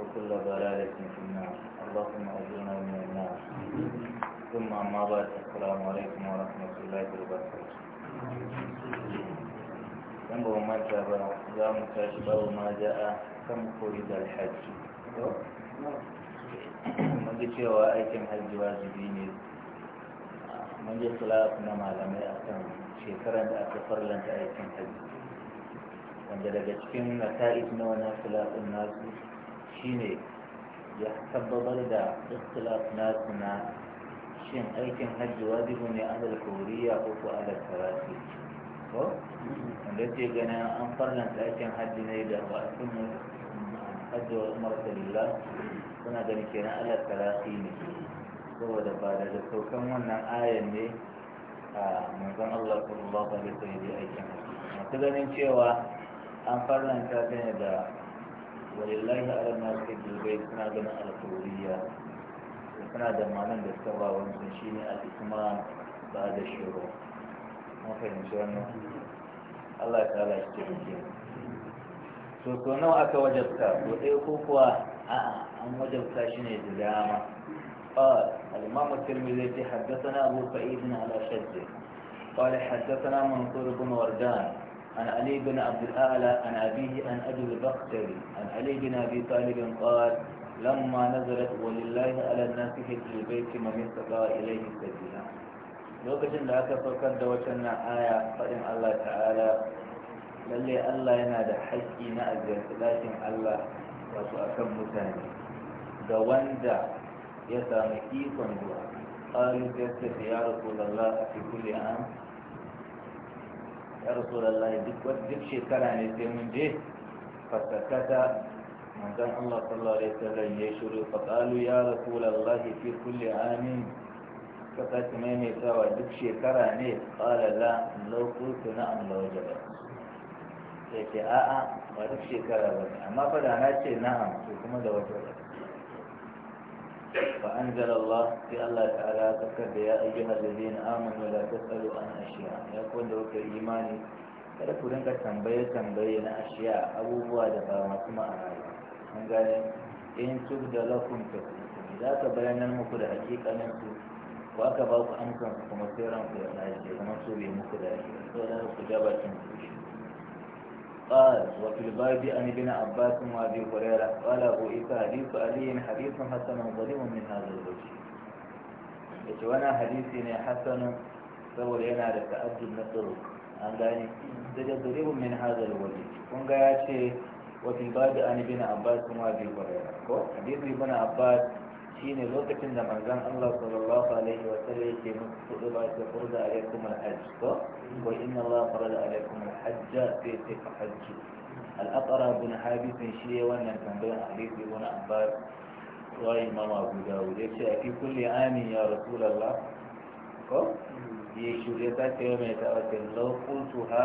وكل ضلالة في النار اللهم أجرنا من النار ثم أما بعد السلام عليكم ورحمة الله وبركاته dan ba mu ba za mu tashi babu ma ja'a kan koyi da alhaji mun ji cewa aikin hajji wajibi ne mun ji khilaf na malamai akan shekarar da aka farlanta aikin hajji wanda daga cikin nata'ij na wannan khilafin nasu shine ya tabbatar da ikhtilaf na na shin aikin hajji wajibi ne a koriya ko ko alal karatu ko wanda ce ganin an farlanta aikin hajji ne da wasu hajji wa umar salila suna ganin kenan alal karatu ne saboda ba da saukan wannan ayan ne a manzon Allah sallallahu alaihi wasallam ya aikin hajji masu ganin cewa an farlanta ta ne da ولله على الناس في البيت سنا على معنى الألوهية ما ده معنى ده سوا الإتمام بعد الشروع ما في الله تعالى يشتري so so nawa aka wajabta ko dai ko kuwa a'a an wajabta قال الإمام الترمذي حدثنا أبو سعيد على شده قال حدثنا منصور بن وردان عن علي بن عبد الأعلى عن أبيه عن أبي البختري عن علي بن أبي طالب قال لما نزلت ولله على الناس حج البيت من استطاع إليه سبيلا lokacin da aka saukar da waccan aya faɗin Allah ta'ala lallai Allah yana da haƙƙi na aziyarci ɗakin Allah wato akan mutane ga wanda ya sami ikon zuwa ƙalu sai ya rasu a يا رسول الله دك ودمشي كلام يتم من جه فسكت من دعا الله صلى الله عليه وسلم يشري فقالوا يا رسول الله في كل عام فقط ميني سوى دكشي كراني قال لا لو قلت نعم لو جبت سيكي آآ ودكشي كراني أما فدا نعم سيكما دو فأنزل الله في الله تعالى تكد يا أيها الذين آمنوا لا تسألوا عن أشياء يقول لك إيماني kada ku rinka tambaye tambaye na ashiya abubuwa da ba masu ma'ana ba an gane in tub da lakum ta za ka bayanar muku da hakikanin su ko aka ba ku amsan kuma sai ranku ya tashi kamar so bai muku da shi so da ku ja bakin ku قال وفي الباب عن ابن عباس وابي هريره قال ابو عيسى حديث علي حديث حسن ظليم من هذا الوجه yace wani hadisi ne hasanu saboda yana da ta'addud na tsaro an gane daga zuribun min hazar waje kun ga ya ce wa fil ba'd an ibn shine lokacin da manzon Allah sallallahu alaihi wa sallam yake musu kudu ba ta furda alaikum alhajj ko wa inna Allah farada alaikum alhajj fi tahajj al-aqra bin habib shi ne wannan tambayar hadisi ibn abbas wa imam abu dawud yace a cikin kulli amin ya rasulullah ko ya shure ta ce mai tawakin law qultuha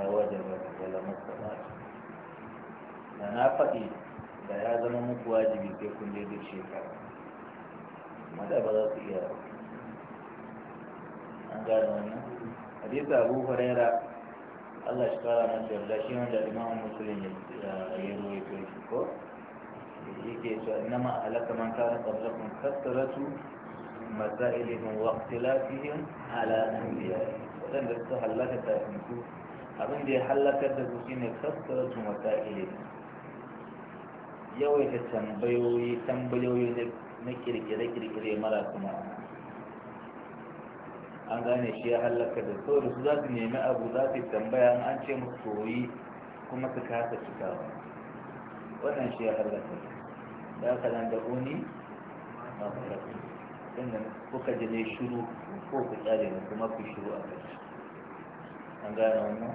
la da la mustaqbal na faɗi da ya zama muku wajibi sai kun je duk shekara amma da ba za su iya an gane wannan hadisi abu huraira Allah shi kara masa yarda shi wanda imamu muslim ya ruwaito shi ko yake cewa innama halaka man kana qablakum kasratu masailihim wa ikhtilafihim ala anbiya'ihim wadanda suka halaka kafin su abin da ya halakar da su shine kasratu masailihim yawaita tambayoyi tambayoyi na kirkire-kirkire mara kuma an gane shi ya halaka da saboda su za su nemi abu za su tambaya an ce musu koyi kuma su kasa cikawa wannan shi ya halaka da aka nan da uni masu rafi inda kuka ji ne shiru ko ku tsare ne kuma ku shiru a kai an gane wannan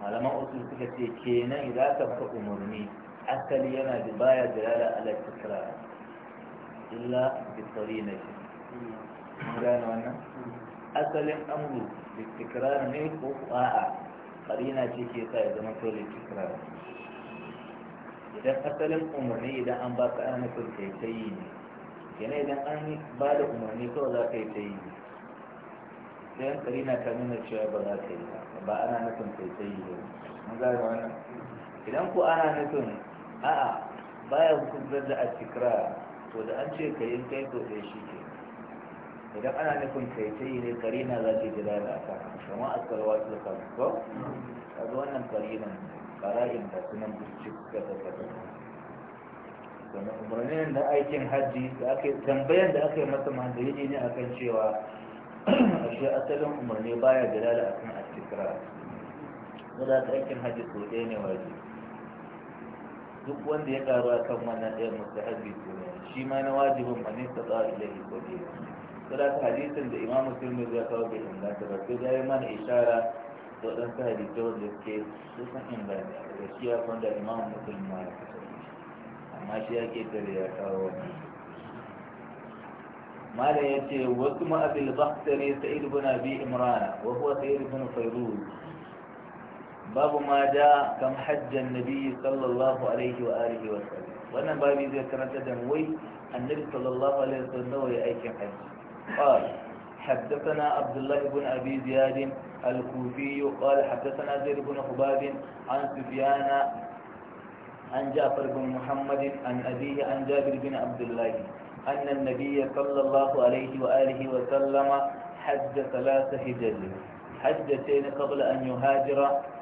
malaman usul suka ce kenan idan aka fa umarni asali yana da baya dalala ala tikrar illa bi qarina mun gane wannan asalin amru bi tikrar ne ko a'a qarina ce ke sa ya zama to li idan asalin umarni idan an ba ka ana nufin kai ta yi ne gane idan an ba da umarni kawai za ka yi ta yi ne sai karina ta nuna cewa ba za ka yi ba ba ana nufin kai ta yi ne mun gane wannan idan ku ana nufin a'a baya hukuntar da atikra to da an ce ka yi kai to sai shi ke idan ana nufin kai ta yi ne karina za ta jira da aka kuma a tsarwa su da kasuwa ta zo wannan karinan karayin da sunan burci ga tattata kuma umarnin da aikin hajji da aka tambayan da aka yi masa mandalini ne akan cewa ashe asalin umarni baya jira da akan atikra wadda ta aikin hajji sau ɗaya ne wajibi duk wanda ya karu kan wannan ɗaya musta to ne shi ma na wajibin man istata ilayhi sabila ta hadisin da imam muslim ya kawo bai inganta ba sai da ya mana ishara da waɗansu hadisai wanda ke sun inganta da shi ya kwanda imam musulmi ma ya fito amma shi ya ke tare ya kawo wani ya ce wasu وكما أبي sa'id سعيد abi أبي wa وهو sa'id بن فيروز باب ما جاء كم حج النبي صلى الله عليه وآله وسلم وانا بابي زي كانت ادم وي النبي صلى الله عليه وسلم وي اي كم حج قال حدثنا عبد الله بن ابي زياد الكوفي قال حدثنا زيد بن حباب عن سفيان عن جعفر بن محمد عن ابيه عن جابر بن عبد الله ان النبي صلى الله عليه واله وسلم حج ثلاث هجر حجتين قبل أن يهاجر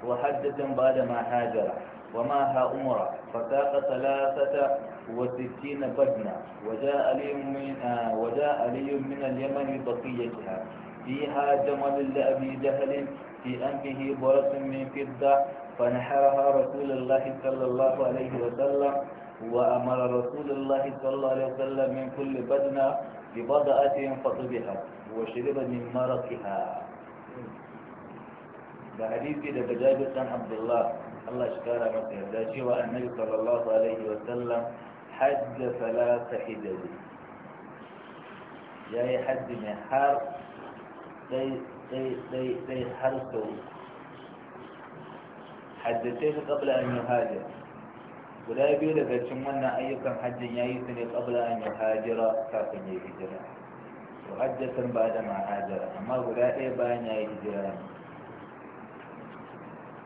وحجة بعدما هاجر ومعها أمرة فساق ثلاثة وستين بدنا وجاء لي من, آه، وجاء لي من اليمن بقيتها فيها جمل لأبي جهل في أنفه برس من فضة فنحرها رسول الله صلى الله عليه وسلم وأمر رسول الله صلى الله عليه وسلم من كل بدنة ببضعة فطبها وشرب من مرقها da hadisi daga jabir dan abdullah Allah shi kara masa yarda cewa annabi sallallahu alaihi wa sallam hajja salata hijabi ya yi hajji ne har sai har sau haddace shi kabla an yi hajjar guda biyu daga cikin wannan ayyukan hajjin ya yi su ne kabla an yi hajjira kafin ya yi hijira to hajjatan ba da ma hajjira amma guda ɗaya bayan ya yi hijira ne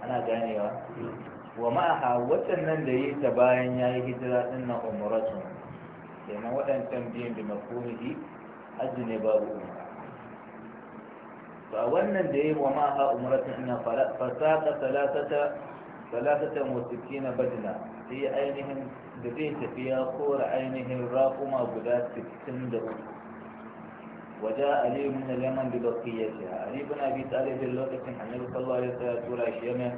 ana ganewa wa ma'aha watannan da yi ta bayan ya yi hijira ɗin na umaratun kenan waɗancan biyan da makomihi hajji ne babu umara ba wannan da yi wa ma'aha umaratun ina fasaka talatata musiki na badina sai ainihin da zai tafiya kora ainihin raƙuma guda 63 وجاء علي من اليمن ببقيتها علي بن ابي طالب اللوتكن عن رسول الله عليه الصلاه والسلام اليمن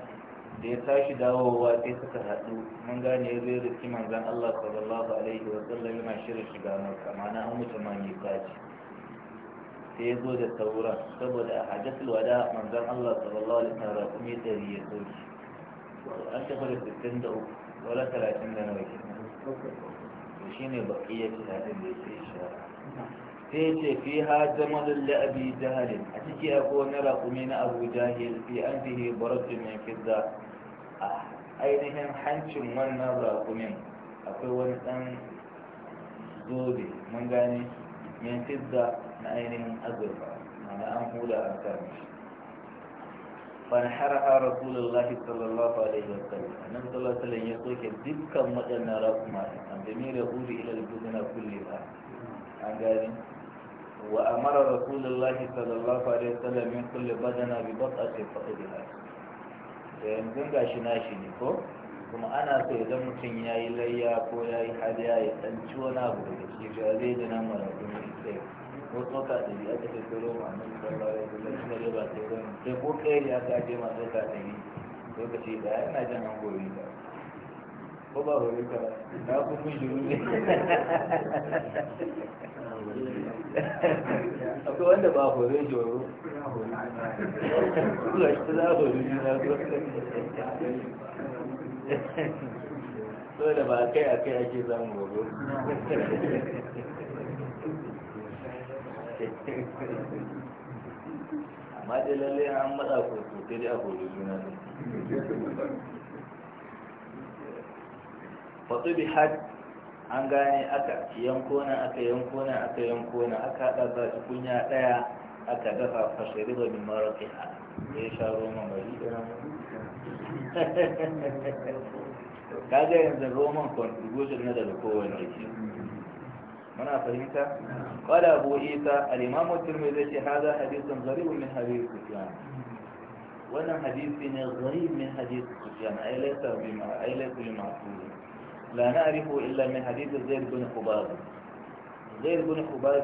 ليتاش داوه واتي سكهاتو من غاني يزيد كمان زان الله صلى الله عليه وسلم لما شير الشجان وكمان هم كمان يقاتي سيزو ذا سبب حاجة الوداء من زان الله صلى الله عليه وسلم رسمي تهي يسوش وأنت خلص التندو ولا تلاتين دانوكي وشيني بقية تهاتين بيسي الشهر sai ce fi ha zamanun la'abi jahalin a ciki akwai wani raƙumi na abu jahil fi an fihe baratun mai fidda a ainihin hancin wannan raƙumin akwai wani ɗan zobe mun gane mai fidda na ainihin azurfa mana an hula an kama. shi fanharaha rasulullah sallallahu alaihi wa sallam annabi sallallahu alaihi wa sallam ya soke dukkan waɗannan raƙuma an jami'a da hudu ila al-buduna kulliha an gane وأمر رسول الله صلى الله عليه وسلم من كل بدنا ببطء فقدها إن يعني كنت أشنا شنكو كما أنا سيدم كنيا إليا كويا إحاديا يتنشونا بريش يجعليدنا مرحبين إليا وطوكا تبي أتك الكلوم عن نبي الله عليه وسلم إن ربا سيدم تبوك إليا كأجي ما تبقى تبي تبقى شيدا أنا جنا نقول إليا وبا هو إليا akwai wanda ba shi za a hore juna so da ba kai a kai ake mu horo amma dai an matsa ko sosai dai a fatu bi an gane aka yankona aka yankona aka yankona aka haɗa kunya ɗaya aka dafa fashari da min maraƙi ha ya sha roman bari da kaga yanzu roman contribution na daga kowane ke muna fahimta qala abu isa al-imam at-tirmidhi ce hada hadithun gharib min hadith sufyan wannan hadisi ne gharib min hadith sufyan ay laysa bi ma'qul la na'rifu illa min hadith zaid bin hubab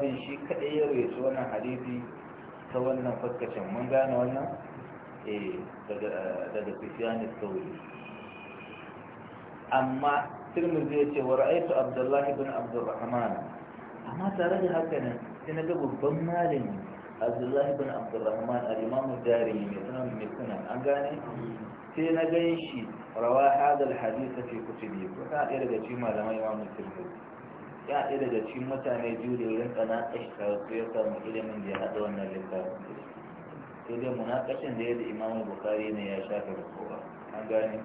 shi kadai ya rawaito wannan hadisi ta wannan fuskacin mun gane wannan daga daga sufyan al-thawri amma tirmidhi ya ce wa ra'aytu abdullah ibn amma tare da haka nan sai na ga babban malami عبد الله بن عبد الرحمن الإمام الداري من كنا أجاني في نجيش روى هذا الحديث في كتبه وكان إلى جتيمة لما يوم الترمذي يا إلى جتيمة أنا جود إلين أنا أشتغل في كم إلى من جهة دون الكتاب إلى مناقشة ديال الإمام البخاري نيا شاكر الخوا أجاني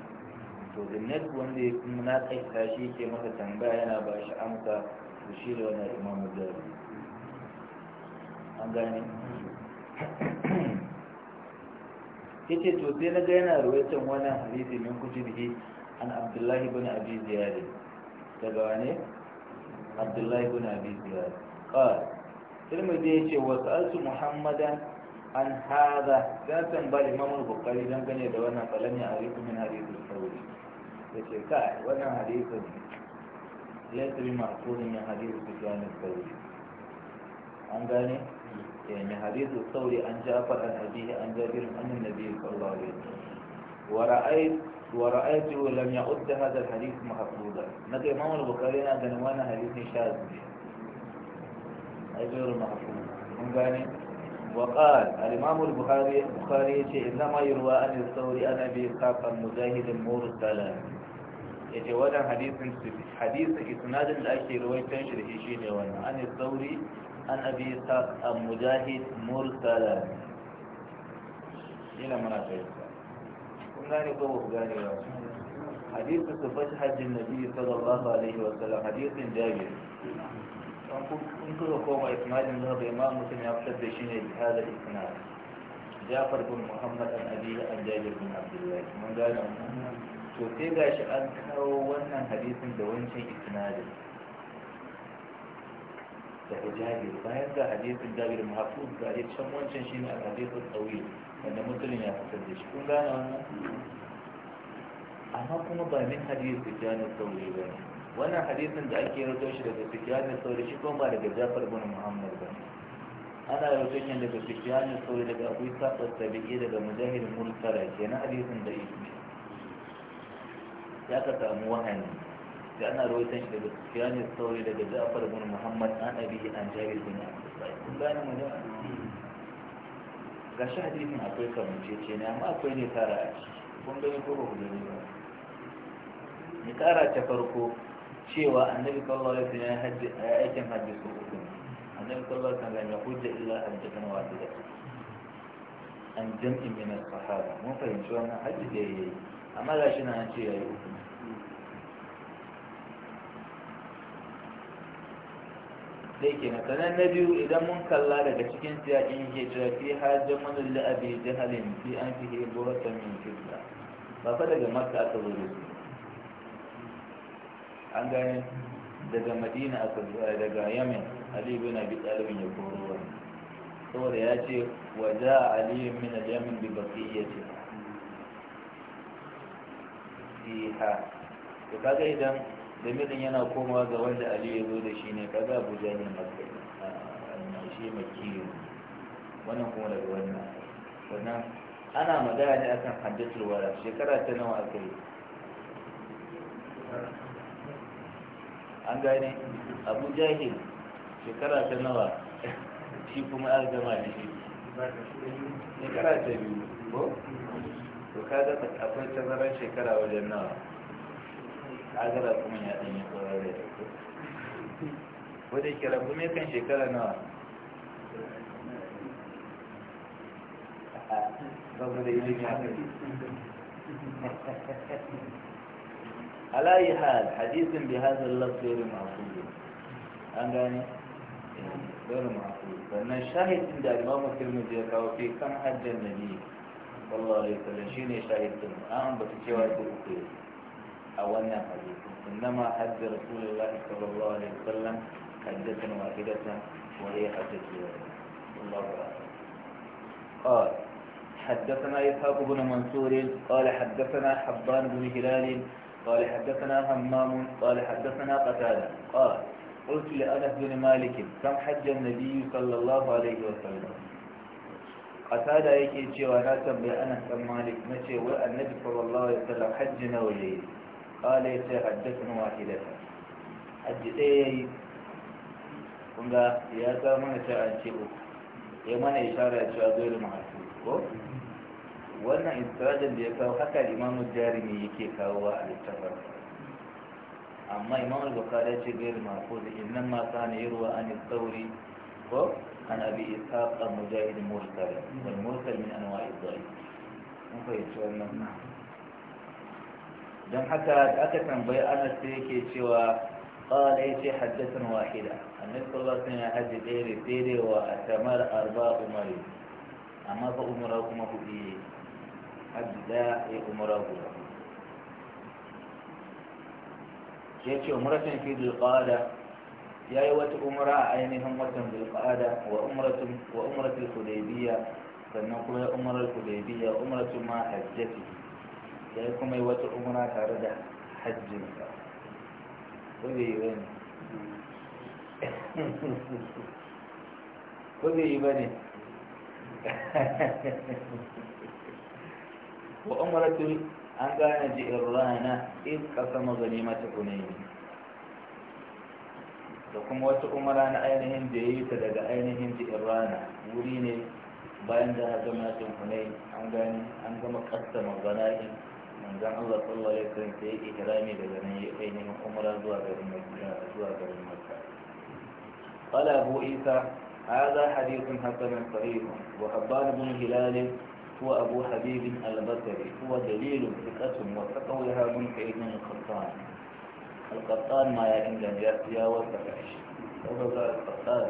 to the next one day kuma na tsaye tashi ke masa tambaya na ba shi amsa to shi da wannan imamu jari an gane ya ce to sai na ga yana rawaitan wannan hadisi min kujirhi an abdullahi bin abi ziyari daga wane abdullahi bin abi ziyari qal tirmidhi ya ce wasu alsu muhammadan an hada za san ba imam bukhari dan gane da wannan falani a riku min hadisi sauri ya ce kai wannan hadisi ya bi ma'qulin yin hadisi sufyan al sauri an gane يعني حديث الثوري عن جعفر عن أبيه عن جابر عن النبي صلى الله عليه وسلم ورأيت ورأيته لم يعد هذا الحديث محفوظا نقل إمام البخاري أن عنوان حديث شاذ أي غير محفوظ من قال وقال الإمام البخاري البخاري إنما يروى عن الثوري عن أبي إسحاق المجاهد المرسل السلام يجي hadisin حديث isnadin da ake rawaitan shi da shi ne an abi saq a mujahid mursala ina muna kai kun gane ko ba ku gane ba hadithu sufat hajjin nabi sallallahu alaihi wa sallam hadithin jabir in kuka koma ismailin zuwa bai ma mutum ya fitar da shi ne bi hada isnad jafar bin muhammad an abi an jabir bin abdullahi mun gane to sai gashi an kawo wannan hadisin da wancan isnadin تهجابي فهذا حديث الدابير المحفوظ بعديد شموان تنشين الحديث الطويل أنه مطلن يا حسدش كون بانا أما كون بايمين حديث الجان الطويل بانا وانا حديثا دعيكي رتوش لك الجان الطويل شكون بانا جزافر بن محمد بانا أنا رتوش لك الجان الطويل لك أبو إساق التابعي لك مجاهر المنفرع كينا حديثا دعيكي يا كتا موهن da ana rawaitan shi daga sufiyani sauri daga ja'far bin muhammad an abi an jabir bin abdullahi kun gane mu ne ga shi hadisin akwai kamucece ne amma akwai ne tara a ciki kun gani ko ba ku gani ba ni kara ta farko cewa annabi sallallahu alaihi wasallam ya hajji ya aikin hajji su uku annabi sallallahu alaihi wasallam ya hujja illa an takan wahida an jam'in min as-sahaba mun fahimci wannan hajji da yayi amma shi na an ce yayi uku sai na sanar na biyu idan mun kalla daga cikin siyaƙin hijira fi hajjar manin la'abi jihalin fi an fi hiburata min fitna ba fa daga makka aka zo da an gane daga madina aka zuwa eh, daga yamin ali bin abi talibin ya koro wani saboda ya ce wa ja ali min al-yamin bi ce ha! to kaga idan damirin yana komawa ga wanda ali ya zo da shi ne ka kaga abuja ne makai shi maki wannan kuma daga wannan wannan ana magana ne akan hadisul wara shekara ta nawa aka yi an gane abu jahil shekara ta nawa shi kuma an gama da shi shekara ta biyu ko to kaga akwai tazarar shekara wajen nawa agara kuma ya ɗanyi tsoron rai wadda ke rabu kan shekara nawa babu da ilimi haka hal hadisin bi hazin lafiyar mafuli an gane ɗaura mafuli sannan shahidin da alimamu filmin da ya kawo fi kan hajjar nabi wallah alaihi sallam shine shahidin an ambata cewa ta uku أولنا حديث إنما حد رسول الله صلى الله عليه وسلم حجة واحدة وهي حجة الله أعلم قال حدثنا إسحاق بن منصور قال حدثنا حبان بن هلال قال حدثنا همام قال حدثنا قتادة قال قلت لأنس بن مالك كم حج النبي صلى الله عليه وسلم قتادة يكي cewa na بأنس بن مالك مشي النبي صلى الله عليه وسلم حجنا hajji قال يتحدثنا واحدة حدث ايه kunga ya sa mana ta uku ya mana ishara ya cewa dole mu wannan istirajin da ya kawo haka imamu jarumi yake kawo a littafin amma imamu bukari ya ce gairu mako da innan ma ka ne yarwa an tsauri ko an abi ishaq al-mujahid mursal wal mursal min anwa'i dhai mun fahimci wannan don haka aka tambaye anas sai yake cewa qala yace haddatan wahida annabi sallallahu alaihi wasallam ya haji dare dare wa atamar arba umari amma fa umara kuma ku kudi haji da ya umara guda yace umratun fi dhulqa'da yayi wata umra a ainihin watan dhulqa'da wa umratun wa umratul hudaybiyya sannan kuma ya umrar hudaybiyya umratun ma hajjati ya kuma yi wata umara tare da hajji ko bai yi bane ko bai yi bane wa umaratul an gane ji'in rana in kasa magani mata yi da kuma wata umara na ainihin da ya yi ta daga ainihin ji'in rana wuri ne bayan da hajjamatin kunayi an gane an gama kasta magana'in قال ابو sallallahu هذا حديث حسن صحيح وحبان بن هلال هو أبو حبيب البصري هو دليل ثقة وتقولها من كيد القطان القطان ما يعند يا يا هو قال القطان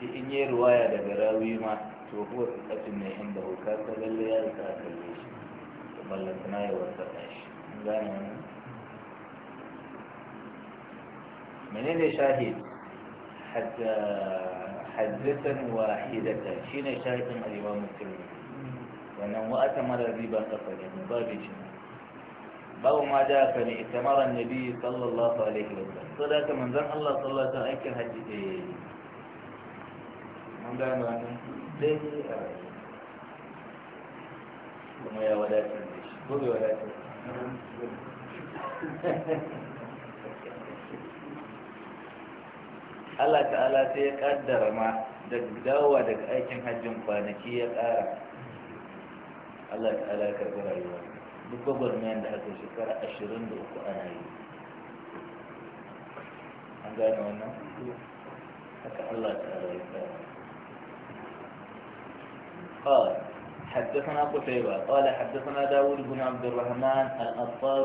في إني رواية براوي ما هو الأسم من عنده كاتا قال لي يا ساكا ليش وبلتنا يا وسطعش قال أنا من اللي شاهد حتى حدثا واحدة شين شاهد الإمام الكريم وأنا مؤتمر الربا قطر يعني باو ما جاء فني اتمر النبي صلى الله عليه وسلم صلاة من ذن الله صلى الله عليه وسلم من ذن الله ɗaya ne eh, a kuma ya wadatar da shi ko bai Allah ta'ala sai ya kaddara ma da dawowa daga aikin hajjin kwanaki ya kara Allah ta'ala ya karɓi rayuwa duk gwagwarmayar da aka shekara ashirin da uku ana yi an gane wannan haka Allah ta'ala ya kara قال حدثنا قتيبة قال حدثنا داود بن عبد الرحمن الأنصار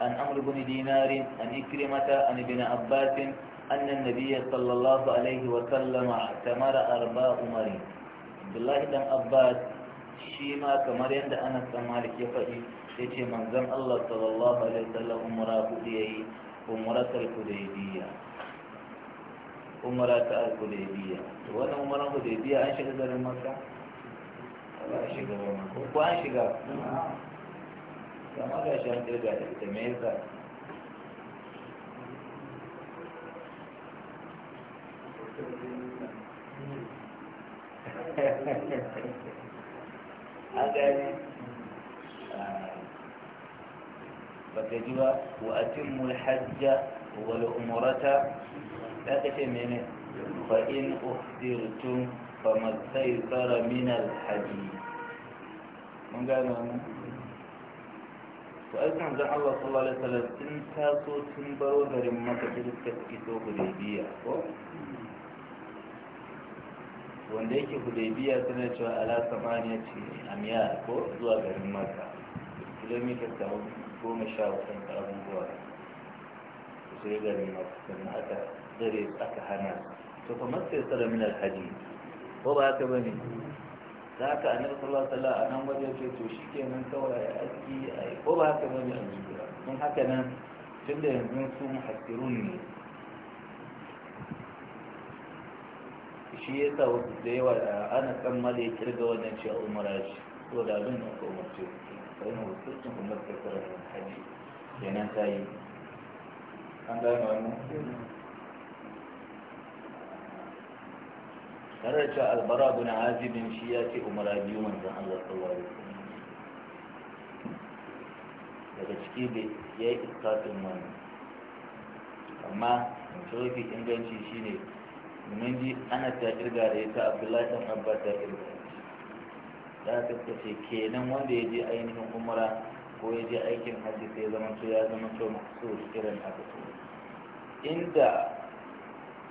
عن عمرو بن دينار عن إكرمة عن ابن عباس أن النبي صلى الله عليه وسلم اعتمر أربع عمر عبد الله بن عباس شيما كما يند أنا مالك يفعي يتي منزم الله صلى الله عليه وسلم عمره ديهي عمرة الحديبية عمرة الحديبية وأنا عمرة الحديبية عن شهر مكة ko an shiga kama ga shi an kirga da ita me yasa an gani baka ji ba wa atimul hajja wal umrata da kace mene fa in uhdirtum famatsai tsara minal haji mun gane mu to ai kan zan allah sallallahu alaihi wasallam tun taso tun baro garin maka duk ta duka fito hudaybiya ko wanda yake hudaybiya tana cewa ala samaniya ce amiya ko zuwa garin maka kilomita ta goma sha wasan karamin zuwa sai garin maka sannan aka dare aka hana to kuma sai tsara minal hadi ko ba haka ba ne za ka a nan sallar sallar a nan wajen ce to shi kenan kawai aski a yi ko ba haka ba ne a jikira don haka nan tun da yanzu su muhassirun ne shi ya sa wasu da yawa ana kammala ya kirga wannan cewa umara shi ko da abin da aka umarce sai na wasu kuma ta karar hajji kenan ta yi an gane wannan tare da cewa albara bin azibin shi ya ce umara biyu manzan Allah sallallahu alaihi daga ciki da ya yi iskatin wani amma mafi inganci ne domin ji ana ta kirga da ita abdullahi dan abba ta kirga da aka ce kenan wanda ya je ainihin umara ko ya je aikin hajji sai zama to ya zama to masu irin aka inda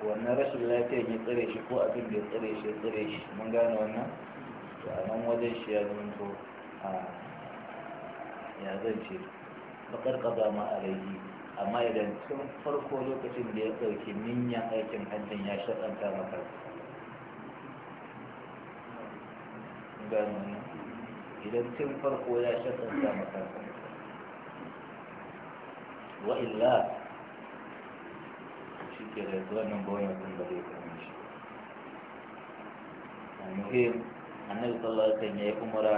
wannan rashin lafiyar ya tsare shi ko abin da ya tsare shi ya tsare shi mun gane wannan to a nan wajen shi ya zanto a ya zance bakar kaza ma a laifi amma idan tun farko lokacin da ya ɗauki niyyar aikin hajjin ya shaɗanta maka gano idan tun farko ya shaɗanta maka wa illa shi ke da yanzu wannan goyon mutum ba zai same shi muhim annabi sallallahu alaihi ya yi umara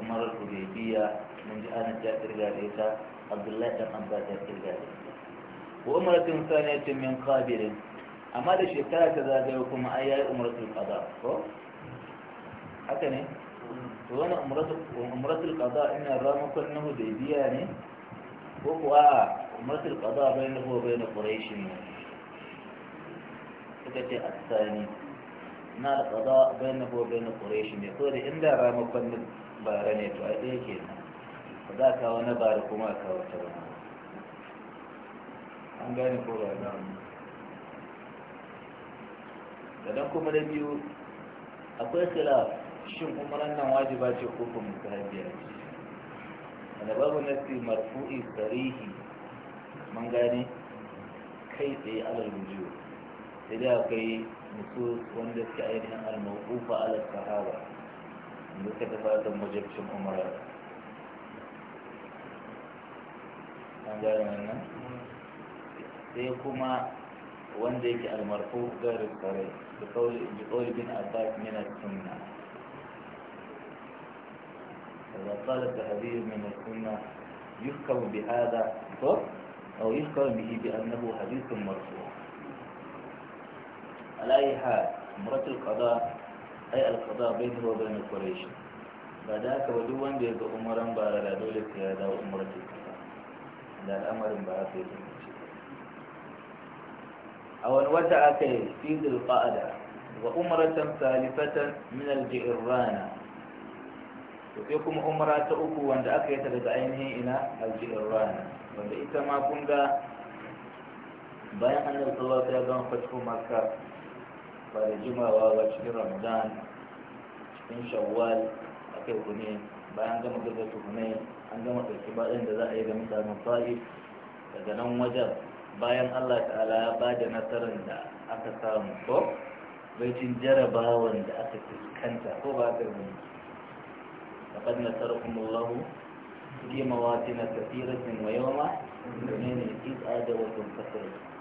umarar hudaybiya mun ji anas ya kirga da ita abdullahi dan abbas ya kirga da ita wa umratun saniyatin min qabirin amma da shekara ta zagayo kuma ai yayi umratul qada ko haka ne to wannan umratul umratul qada ina ramakon na hudaybiya ne ko kuwa umratul qada bainahu wa bain quraish ne suka ce tsani na da tsada bai na gobe na ƙureshi ne ko da inda ramakon na bara ne to a ɗaya ke nan ba za ka wani bara kuma a kawo ta rana. an gane ko ba na wani kuma na biyu akwai kila shin umaran nan wajiba ce ko kuma ta hajiya ce wanda babu nasi marfu'i tarihi man gane kai tsaye alal wujuwa سيداكي نصوص وندس كأيدها الموقوفة على الصحابة عندك تفاتا مجب شم عمر سيكما وندك المرفوع غير الصري بقول, بقول ابن عباس من السنة إذا قال الذهبي من السنة يحكم بهذا أو يحكم به بأنه حديث مرفوع على أي حال مرة القضاء أي القضاء بينه وبين قريش فذاك ودوان بيد أمرا بارا دولة قيادة وأمرة القضاء ده الأمر بارا في أو أن وزع في ذي القاعدة وأمرة ثالثة من الجئرانة وفيكم أمرة أكو وأن أكيت لدعينه إلى الجئرانة وإذا ما كنت bayan annabi sallallahu alaihi wasallam fatihu makka ba da jimawa ba cikin ramadan cikin shawwal a kai hunain bayan gama gaba su an gama ɗauki baɗin da za a yi ga mutanen fa'id daga nan wajen bayan allah ta'ala ya ba da nasarar da aka samu ko baitin jarabawan da aka fuskanta ko ba ta rubu لقد نصركم الله في wayoma, كثيرة ويوم من da آدوكم كثيرة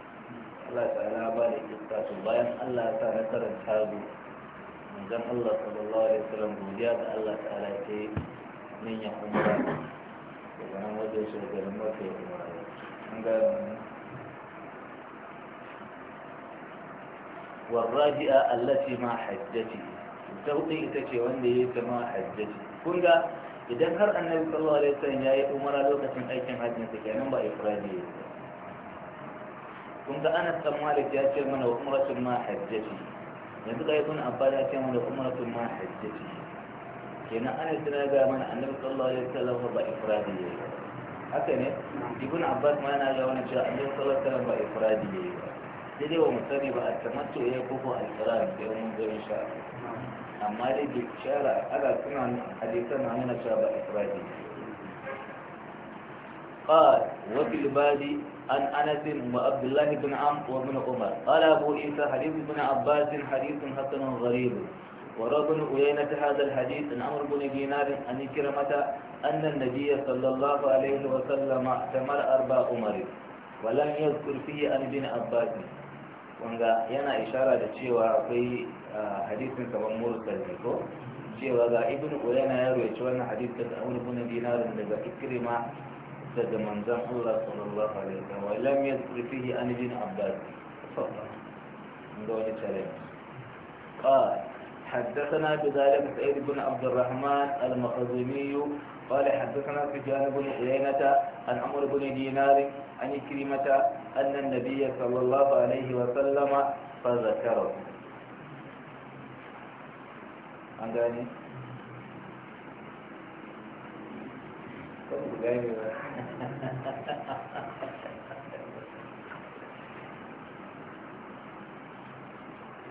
Allah ala ba da iska su bayan Allah ta na karanta zu manzon Allah sallallahu alaihi wasallam godiya da Allah ta ala ta yi min ya kuma umra daga nan wajen shi daga nan mafi ya umra an ga ta التي مع حجتي التوقيت كيوان ليت مع حجتي كنت idan har annabi sallallahu alaihi wasallam yayi umara lokacin aikin hajjin sa kenan ba ifradi ne kun ga anas dan malik ya ce mana umratul ma hajjati yanzu ga ibn abbas ya ce mana umratul ma hajjati kenan anas dan ga mana annabi sallallahu alaihi wasallam ba ifradi yayi haka ne ibn abbas ma yana ga wani cewa annabi sallallahu alaihi wasallam ba ifradi yayi sai dai wa musani ba a tamattu ya kuku al-qur'an sai mun zo insha amma dai bi shara ala suna hadisan na nuna cewa ba ifradi قال وفي البادي عن أنس وعبد الله بن عمرو وابن عمر قال أبو عيسى حديث ابن عباس حديث حسن غريب وروى ابن عيينة هذا الحديث عن عمرو بن دينار عن كرمة أن النبي صلى الله عليه وسلم اعتمر أربع عمر ولم يذكر فيه عن ابن عباس wanda yana ishara da cewa akwai hadisin kamar mursal ne ko cewa ga ibn ulayna ya rawaito wannan hadisin da Dinar daga Ikrima daga manzan Allah sallallahu alaihi wasallam wa lam yadri fihi an ibn abbas ga wani challenge qal حدثنا بذلك سعيد بن عبد الرحمن المخزومي قال حدثنا سفيان بن عيينة عن عمرو بن دينار عن كلمة أن النبي صلى الله عليه وسلم فذكره. عن ذلك gane ba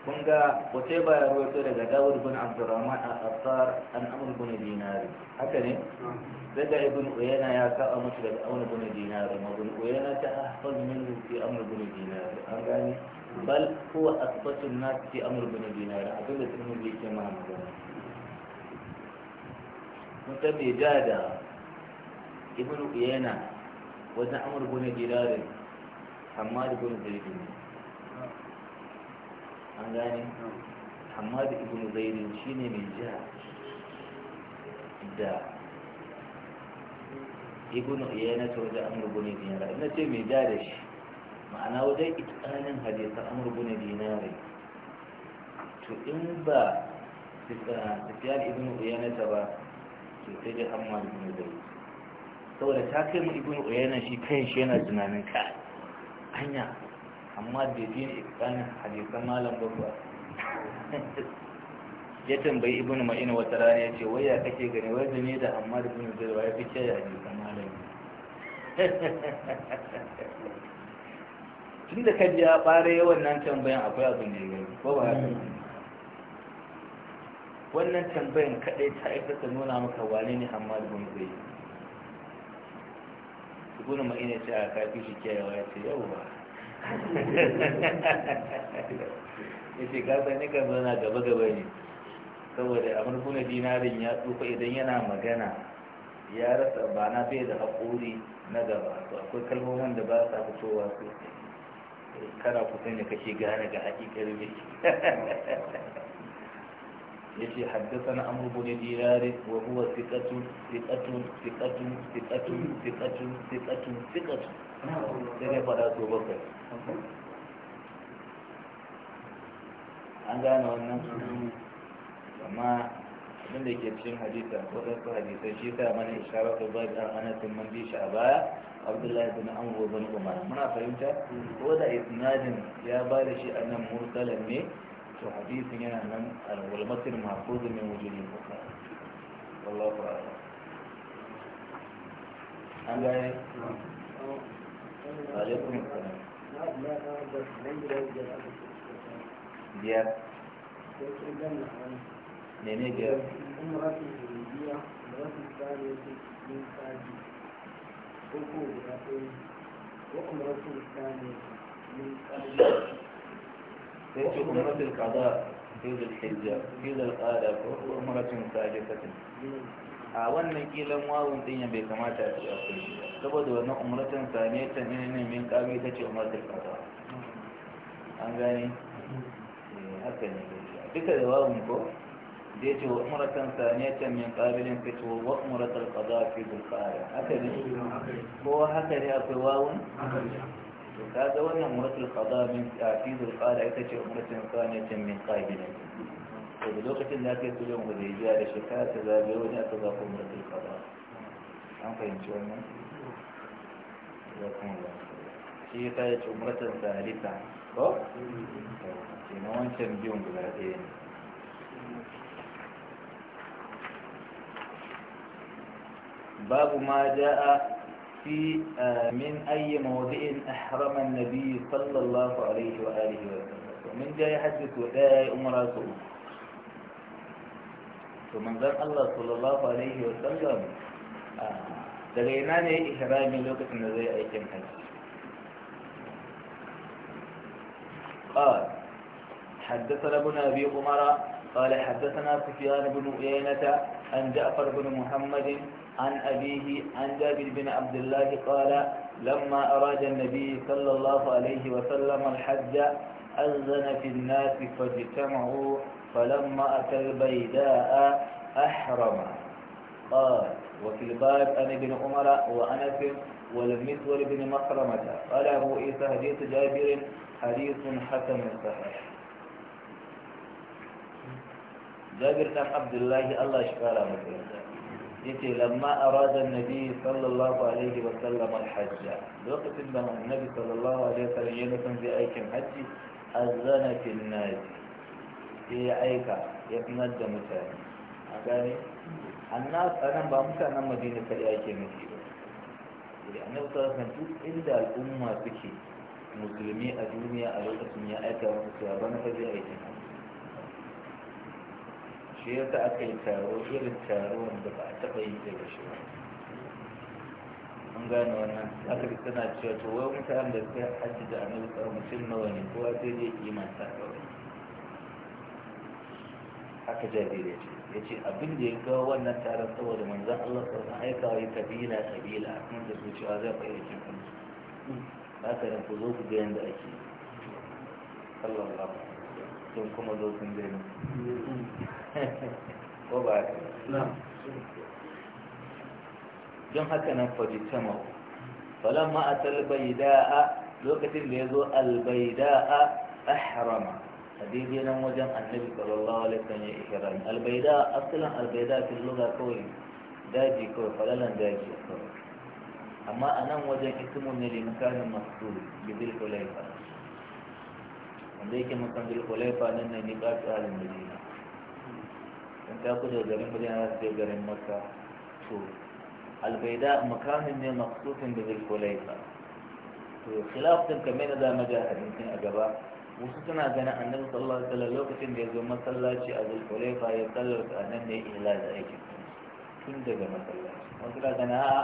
kun ga wace ba ya rawaito daga Dawud bin Abdurrahman al-Attar an Amr bin Dinari haka ne daga Ibn Uyayna ya kawo musu daga Amr bin Dinari ma bin Uyayna ta ahfaz minhu fi Amr bin Dinari an gani? bal huwa asbatu an-nas fi Amr bin Dinari abin da sun yi yake ma magana mun tabbe da ibnu uyana wajen amur gune dirarin hamadu gune zaidin ne an gane hamadu ibnu zaidin shi ne mai jiha da ibnu uyana ta wajen amur gune dirarin ina ce mai ja da shi ma'ana wajen itsanin hadisan amur gune dinarin to in ba tafiyar ibnu uyana ta ba to sai dai hamadu gune zaidin saboda ta kai mu ibn uyayna shi kan shi yana tunanin ka hanya amma da din ne hadisi malam babba ya tambayi ibn ma'ina wata rana ya ce wai ya kake gani wai ne da amma da ibn zirwa ya fi kiyaye hadisan malam tun da kaji ya fara yawan nan tambayan akwai abin da ya gani ko ba haka mm. wannan tambayan kaɗai ta aikata nuna maka wane ne amma da ibn Kuna ma ina ce a kafi shi kyawa ya ce yau ba ya ce kasa ne kan zana gaba-gaba ne saboda a murfuna dinarin ya tsufa idan yana magana ya rasa ba na bai da haƙuri na gaba to akwai kalmomin da ba sa fitowa sosai kana kusan da kake gane ga hakikalin يتي حدثنا عمرو بن دينار وهو ثقة ثقة ثقة ثقة ثقة ثقة ثقة سنة فلا توبك an gane wannan amma abin da ke cikin hadisa waɗansu hadisai shi sa mana isharar da ba da anasin man bi shi a baya abdullahi bin amur bin umar muna fahimta ko da isnadin ya ba da shi a nan mursalan ne to hadisin yana nan wal masir mahfuz min wujud al bukhari wallahu a'lam an ga ne alaikum assalam biyar ne ne biyar وأمرته الثانية من قبل sai ce umratul qada fi dhul hijja fi dhul qada ko umratun sadiqatin a wannan kilan wawun din ya bai kamata a cikin kulli saboda wannan umratun saniyatan ne ne min kabi ta ce umratul qada an gani eh, haka ne duka da wawun ko da ya ce wa umratan saniyatan min qabilin fi tu wa umratul qada fi dhul qada haka ne ko haka ne akwai wawun to kaga wannan muratul qada min fi zul qala ita ce umratun qaniyatin min qaibilin to da lokacin da kai sulhun hudaybiya da shekara ta zabe wani aka ba ku muratul qada an fahimci wannan ya kuma shi ta yi umratun salisa ko kenan wancan biyun guda ɗaya ne باب ما جاء في آه، من أي موضع أحرم النبي صلى الله عليه وآله وسلم ومن جاي حدث وداي أمرا سوء ومن ذا الله صلى الله عليه وسلم daga ina ne ihrami lokacin da zai aikin قال حدثنا ابن أبي عمر قال حدثنا سفيان بن عيينة عن جعفر بن محمد عن أبيه عن جابر بن عبد الله قال لما أراد النبي صلى الله عليه وسلم الحج أذن في الناس فاجتمعوا فلما أتى البيداء أحرم قال وفي الباب أنا بن عمر وأنس يسول بن مخرمة قال أبو إيسى حديث جابر حديث حسن صحيح جابر بن عبد الله الله شكرا مثلا yace lamma arada annabi sallallahu alaihi wa sallam alhajj lokacin da annabi sallallahu alaihi wa sallam ya nufin zai aikin hajji azana fil naji sai ya aika ya sanar da mutane a gane annas anan ba mutanen madina kai ake nufi ba da annabi sallallahu alaihi wa sallam inda al'umma suke musulmi a duniya a lokacin ya aika musu cewa bana fa zai aikin hajji shi yasa aka yi taro irin taro wanda ba a taɓa yi da shi ba an gane wannan aka yi tana cewa to wai mutanen da suka hajji da annabi tsawon mutum nawa ne kowa sai dai kimanta kawai haka jabir ya ce ya ce abin da ya kawo wannan taron saboda manzan Allah sau na aika wa kabila kabila kuma da zuciya zai fa irin kin kansu Ba nan ku zo ku ga yadda ake sallallahu alaihi wasallam kuma zo sun gani ko ba don haka nan fajitamau falamma a da'a lokacin da ya zo albai da'a a daidai nan wajen annabi sallallahu alaihi wasallam ya ihram albaida asalan albaida cikin lugha kawai daji kawai falalan daji kawai amma a nan wajen ismun ne limkanin masu bibil bil hulaifa wanda yake mutan bil nan ne ni ba su alin madina in ta kudu garin madina da su garin makka to albaida makamin ne maksufin da zai kulaifa to khilaf din kamar na zama ga a gaba wasu suna ganin annabi sallallahu alaihi wasallam lokacin da ya zo masallaci a zulkulaifa ya sallar a nan ne ila da aikin tun daga masallaci wasu suna ganin a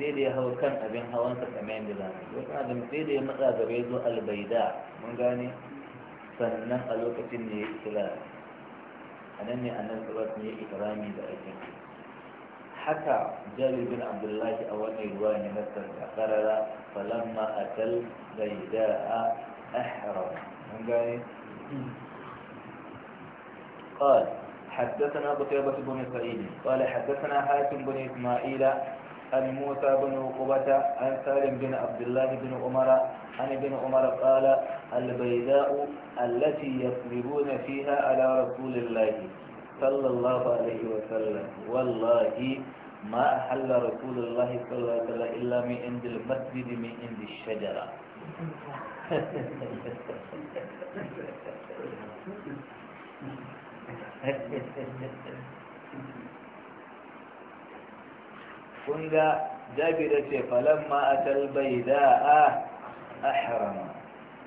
sai da ya hau kan abin hawan sa kamar yadda zamu ga wasu suna ganin sai da ya matsa gaba ya zo albaida mun gane sannan a lokacin da ya ila a ne ya da aikin haka jabir bin abdullahi a wannan ruwa ne na sarka karara falamma atal zaida'a ahram an gane قال حدثنا قتيبة بن سعيد قال حدثنا حاتم بن إسماعيل عن موسى بن عقبة عن سالم بن عبد الله بن عمر عن ابن عمر قال البيداء التي يطلبون فيها على رسول الله صلى الله عليه وسلم والله ما أحل رسول الله صلى الله عليه وسلم إلا من عند المسجد من عند الشجرة kun ga فلما أتى البيداء أحرم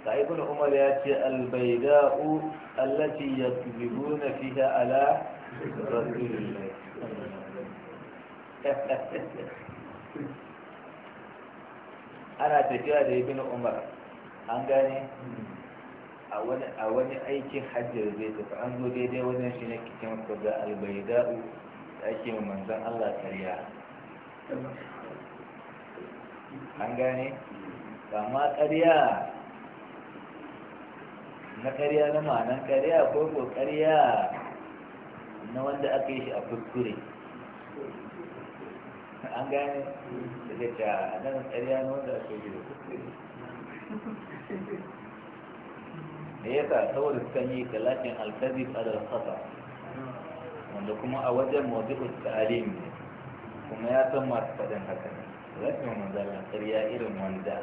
ga ibn umar ya ce albaida'u allati yakzibuna fiha ala rasulillah ana tafiya da ibn umar an gane a wani aikin hajjar zai tafi an zo daidai wajen shi ne kicin masa da albaida'u da ake manzan Allah karya an gane ba ma karya na ƙarya na ma'anan ƙarya ko ko ƙarya na wanda aka yi shi a kuskure an gane da zai ta a ah, nan ƙarya na wanda aka yi shi a kuskure da ya sa saboda sukan yi talatin alkazif alal khata wanda kuma a wajen mawdu'ut alim ne kuma ya san masu faɗin haka ne zai yi manzalan ƙarya irin wanda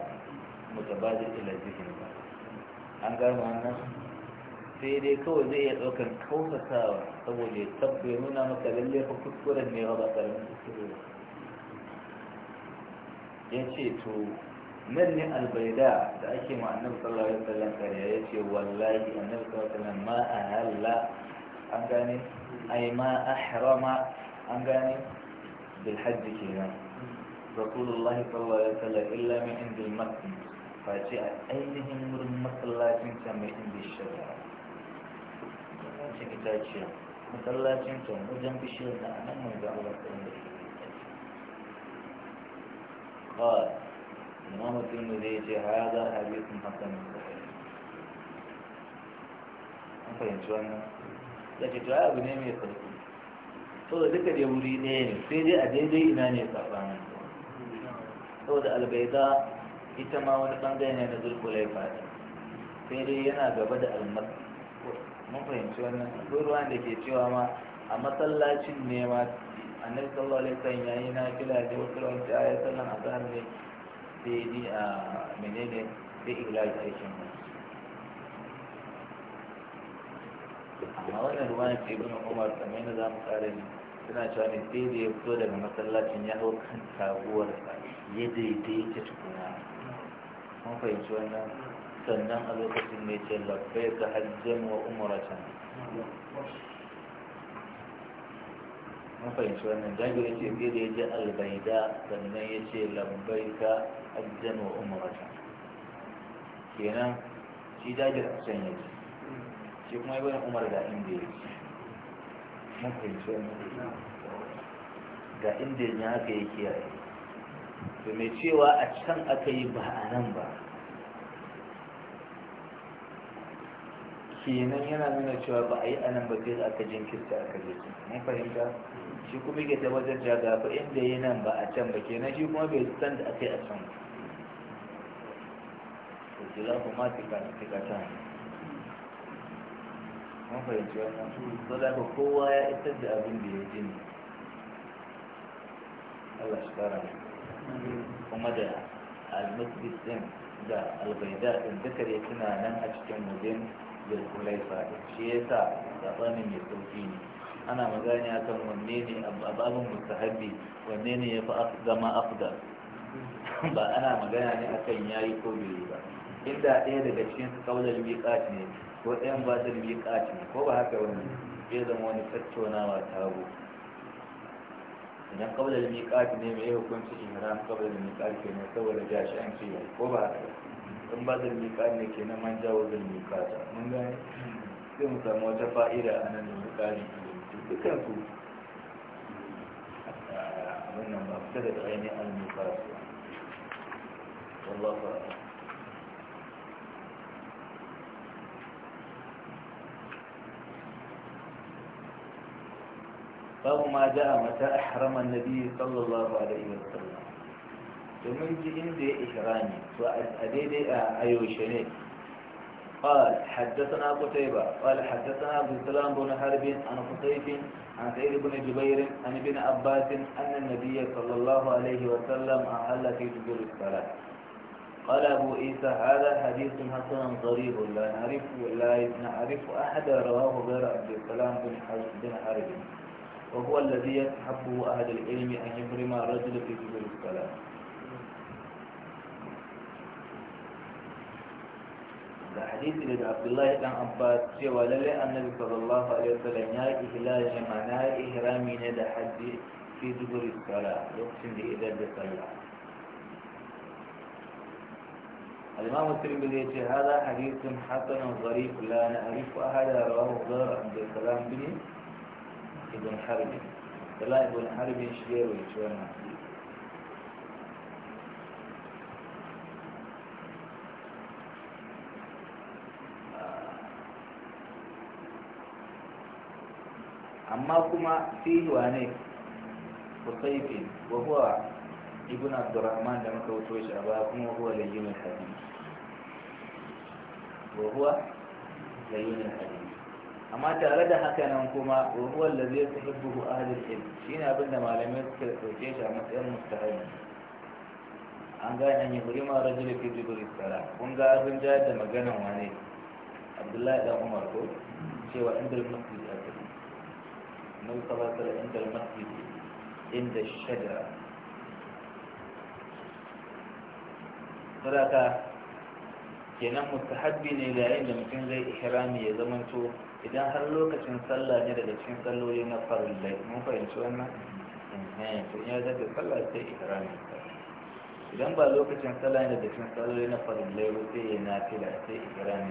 mutabazir ila zihin ba an gano wannan sai dai kawai zai iya ɗaukar kautatawa saboda ya tabba nuna maka lalle fa kuskuren ne ba ƙarfin kuskure ya ce to nan ne albaida da ake ma annabi sallallahu alaihi wasallam kariya ya ce wallahi annabi sallallahu alaihi wasallam ma ahalla an gane ai ma ahrama an gane bil hajji kenan rasulullahi sallallahu alaihi wasallam illa min indil masjid face a ainihin wurin masallacin can mai inda shagara masallacin itaciya masallacin can wajen bishiyar da anan mai ga Allah kan da da mutum ce قال إمام الترمذي هذا حديث حسن صحيح an fahimci wannan da ke tuwa abu ne mai farko. so da duka dai wuri ɗaya ne sai dai a daidai ina ne saɓanin saboda albaida ita ma wani bangare ne na zulkulaifa sai dai yana gaba da almas mun fahimci wannan akwai da ke cewa ma a masallacin ne ma annabi sallallahu alaihi wasallam yayi na kila da wasu ruwan ta ya sallan azhar ne sai ni a menene sai iglal aikin amma wannan ruwan ce bin umar kamar yadda zamu kare ne suna cewa ne sai da ya fito daga masallacin ya hau kan taguwar ya daidaita tukuna mun fahimci wannan sannan a lokacin mai ce labbai ga wa umaratan mun fahimci wannan ce da ya albaida sannan ya ce labbai ga hajjan wa umaratan kenan shi jagir a can yake shi kuma yi wani umar ga inda ya ce mun fahimci wannan ga inda ya haka ya kiyaye to mai cewa a can aka yi ba a nan ba kenan yana nuna cewa ba a yi a nan ba sai aka jinkirta aka je mun fahimta shi kuma yake tabbatar da ga ba inda yi nan ba a can ba kenan shi kuma bai san da aka yi a can ba to ki za ku ma tika tika ta mun fahimci wannan so da kowa ya isar da abin da ya ji ne Allah shi fara mu kuma da almasjid din da albaida din duka dai suna nan a cikin wajen kulaifa shi yasa tsakanin mai sauki ne ana magani akan wanne ne a babin mustahabi wanne ne ya fi zama afda ba ana magana ne akan yayi ko bai ba inda ɗaya daga cikin kaular miƙat ne ko ɗayan ba da ne ko ba haka wani ya zama wani tattaunawa taro idan kabla da miƙati ne mai hukunci ihram kabla da miƙati ne saboda ga shi an ce yayi ko ba haka in ba da miƙati ne kenan man jawo da miƙata mun gani sai mu samu wata fa'ida a nan da miƙati dukkan su abin nan ba fita da ainihin al-miƙati wallahu a'lam باب ما جاء متى أحرم النبي صلى الله عليه وسلم ومن جئن دي إحرامي وأدي أيوش ليه قال حدثنا قتيبة قال حدثنا أبو السلام بن حرب عن قتيب عن سيد بن جبير عن ابن عباس أن النبي صلى الله عليه وسلم أحل في جبر الصلاة قال أبو عيسى هذا حديث حسن ظريف لا نعرف ولا نعرف أحد رواه غير عبد السلام بن حرب وهو الذي يتحبه أهل العلم أن يمرم الرجل في جبل السلام الحديث لدى عبد الله بن عباس ولله أن النبي صلى الله عليه وسلم يا إهلال جمعنا إهرامي ندى حد في جبل السلام يقسم بإذا بسيعة الإمام السلم بذيك هذا حديث حسن وظريف لا نعرف أحد رواه غير عبد السلام بن ibn harbi abdullahi ibn harbi shi ya rubuci wannan amma kuma fihi wane husayfin wa huwa ibn abdurrahman da muka wuto shi a baya kuma wa huwa layyinul hadith wa huwa layyinul hadith amma tare da haka nan kuma ruhuwar da zai sahibu ahalin ilm shi ne abinda malamai suka ɗauke shi a matsayin mustahabi an gane ya huri ma rajul fi jibri sala kun ga abin jayar da maganan wane abdullahi dan umar ko cewa inda masjid a cikin nan sabatar inda masjid inda shajara sadaka kenan mustahabbi ne da yayin da mutum zai ihrami ya zamanto idan har lokacin sallah ne daga cikin salloli na farin lai mun fahimci wannan to ya zaga sallah sai ihrami idan ba lokacin sallah ne daga cikin salloli na lai ba sai ya fila sai ihrami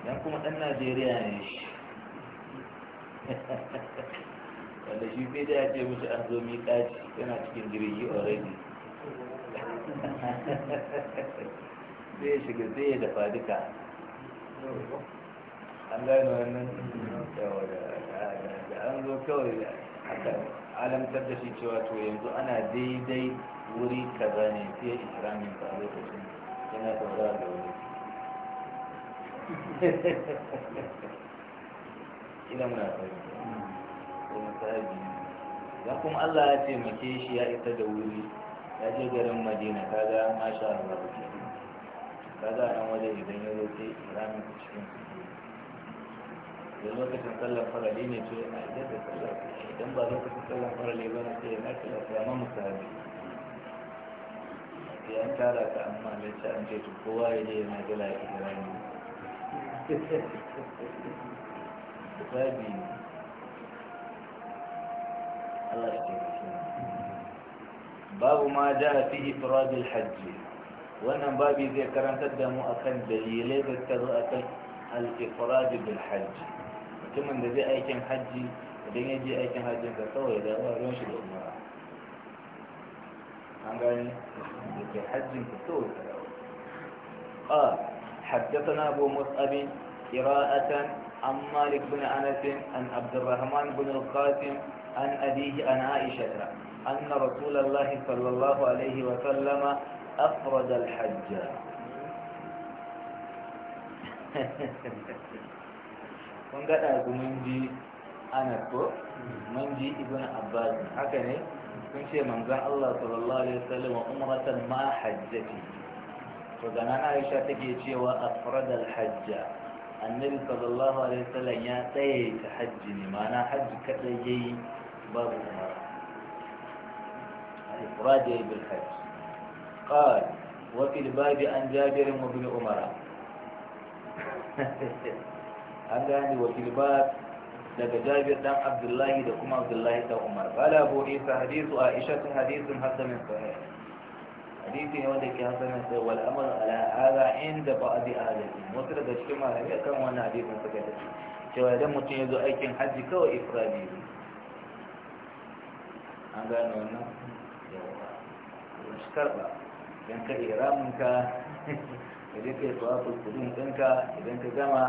idan kuma dan Najeriya ne shi wanda shi sai da ya ce musu an zo miƙaci yana cikin jirgi already sai ya shiga sai ya dafa duka an gane wannan da an zo kawai aka alamtar da shi cewa to yanzu ana daidai wuri kaza ne fiye ya ikiramin ka a lokacin yana taura da wuri ina muna fahimta wani sahabi ya kuma Allah ya taimake shi ya isa da wuri ya je garin madina kaga masha Allah kaga nan waje idan ya zo sai ikiramin cikin su idan lokacin sallar farali ne to a idan da sallar idan ba lokacin sallar farali ba na ce na kila ta ma musabi sai an tara ka amma mai ce an ce to kowa ya je yana gila ya kira ne musabi Allah ya ce babu ma ja fi ifradil hajji wannan babi zai karantar da mu akan dalilai da ta zo akan al-ifrad bil hajji mutumin da zai aikin hajji idan ya je aikin hajji da kawai da yawa ruwan shi da umara an gani da ke hajji ka kawai ka dawo a حدثنا أبو مصعب قراءة عن مالك بن أنس عن عبد الرحمن بن القاسم عن أبيه عن عائشة أن رسول الله صلى الله عليه وسلم أفرد الحج kun ga ɗazu mun ji ko mun ji ibn abbas haka ne sun ce manzon Allah sallallahu alaihi wasallam umratan ma hajjati to ga nan Aisha take cewa afradal hajja annabi sallallahu alaihi wasallam ya tsaye ta hajji ne ma'ana hajji kadai yayi babu umara al-ifrad bil hajj qal wa fil bab an jabir ibn umara an gane wa filbat daga jabir dan abdullahi da kuma abdullahi da umar qala abu isa hadithu aisha hadithun hasanun sahih hadisi ne wanda ke hasanun sai wal amal ala hada inda ba'd ahli wasu daga cikin malamai kan wannan hadisin suka ce cewa idan mutum ya zo aikin hajji kawai ifradi ne an gane wannan yawa wani karba idan ka ihramin ka idan ka yi tsawafin kudin ɗinka idan ka gama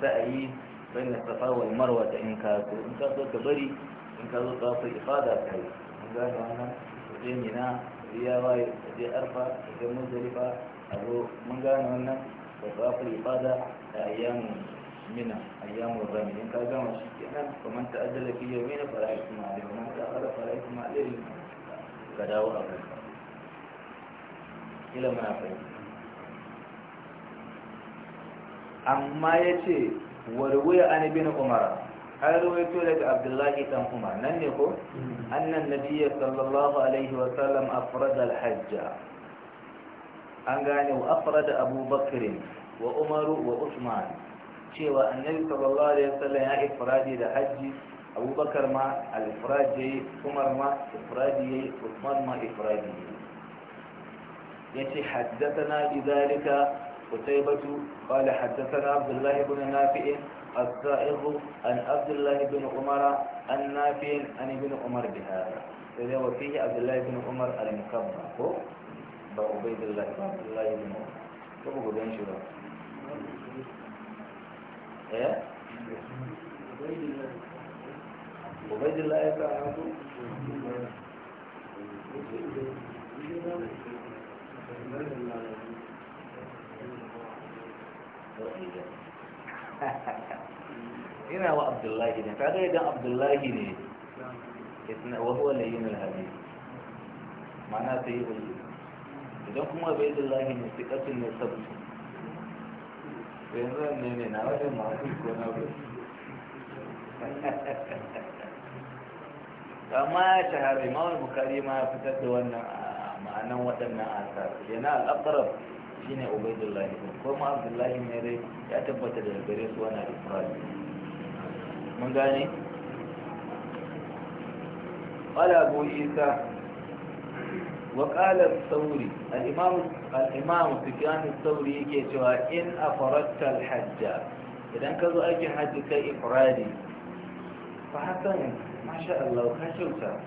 sa'ayi bayan safa wal marwa da in ka so in ka so ka bari in ka zo ka fa ifada kai in ga wannan je mina riya waye je arfa je a azo mun gane wannan da tawaful ifada da ayyamu mina ayyamu rami in ka gama shi kenan kuma ta ajala fi yawmina fala ma alayhi fara man ta'ala fala yakuma alayhi ka dawo a kai. ila muna fahimta amma ya ce warwaya an bin umara an rawaito daga abdullahi dan umar nan ne ko mm-hmm. annan nabiyya sallallahu alaihi wa sallam afrada alhajja an gane wa afrada abubakar wa umaru wa usman cewa annabi sallallahu alaihi wa sallam ya ifradi da hajji abubakar ma al umar ma ifradi usman ma ifradi yace haddathana bi dhalika قتيبة قال حدثنا عبد الله بن نافع الزائغ عن عبد الله بن عمر عن نافع عن ابن عمر بهذا فهذا وفيه عبد الله بن عمر المكبر وعبيد الله بن عبد الله بن عمر فبقوا بين شباب ايه عبيد الله بن عمر ina wa abdullahi ne kaga idan abdullahi ne isna wa huwa layyin alhadith ma'ana sai yi idan kuma bai da lahi ne su kasin ne sabu yanzu ne ne na wajen masu ko na bai amma ya shahara imam bukari ma ya fitar da wannan ma'anan waɗannan asar yana al'akarar shine ubaidullahi ne ne ya tabbata da gare su wani alifurari mun gane wala abu isa wa kala sauri al'imamu sufyan sauri yake cewa in a faratta alhajja idan ka zo aikin hajji kai ifirari fa hakan masha Allah ka kyauta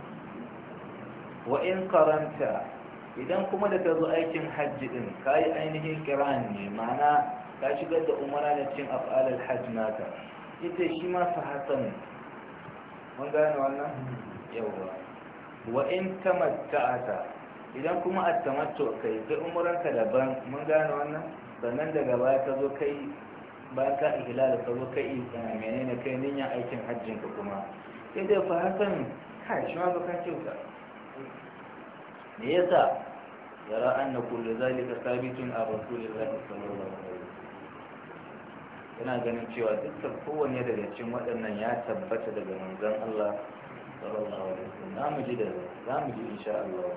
wa in karanta idan kuma da ka zo aikin hajji din kayi ainihin kiran ne ma'ana ka shigar da umara da cin af'alal hajj naka ita shi ma fa hasan mun gane wannan yawa wa in tamatta'ata idan kuma attamatto kai kai umuran ka daban mun gane wannan sannan daga baya ka zo kai ba ka ihlal ka zo kai eh, menene kai niyyar aikin hajjin ka kuma sai dai fa hasan kai shi ma ba ka kyauta me yasa yara anna kullu zalika sabitun a rasulillahi sallallahu alaihi wasallam yana ganin cewa dukkan kowanne daga cikin waɗannan ya tabbata daga manzon Allah sallallahu alaihi wasallam za mu ji da za mu ji insha Allah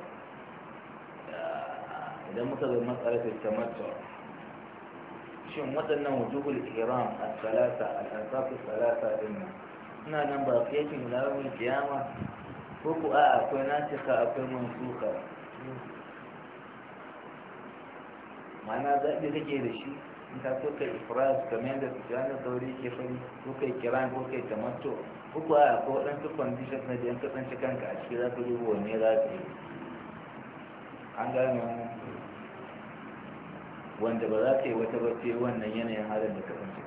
idan muka zo matsalar tamattu shin waɗannan wujubul ihram as-salata al-asaf as-salata din ina nan ba fiye kin lawul kiyama ko ku a akwai nasika akwai mansuka ma'ana zaɓi ke da shi in ka so kai ifraz kamar yadda sufiyanu sauri ke fari ko kai kiran ko kai tamato ko a akwai waɗansu conditions na da yan kasance kanka a ciki za ka rubu wanne za ka yi an gane wanda ba za ka yi wata ba sai wannan yanayin halin da kasance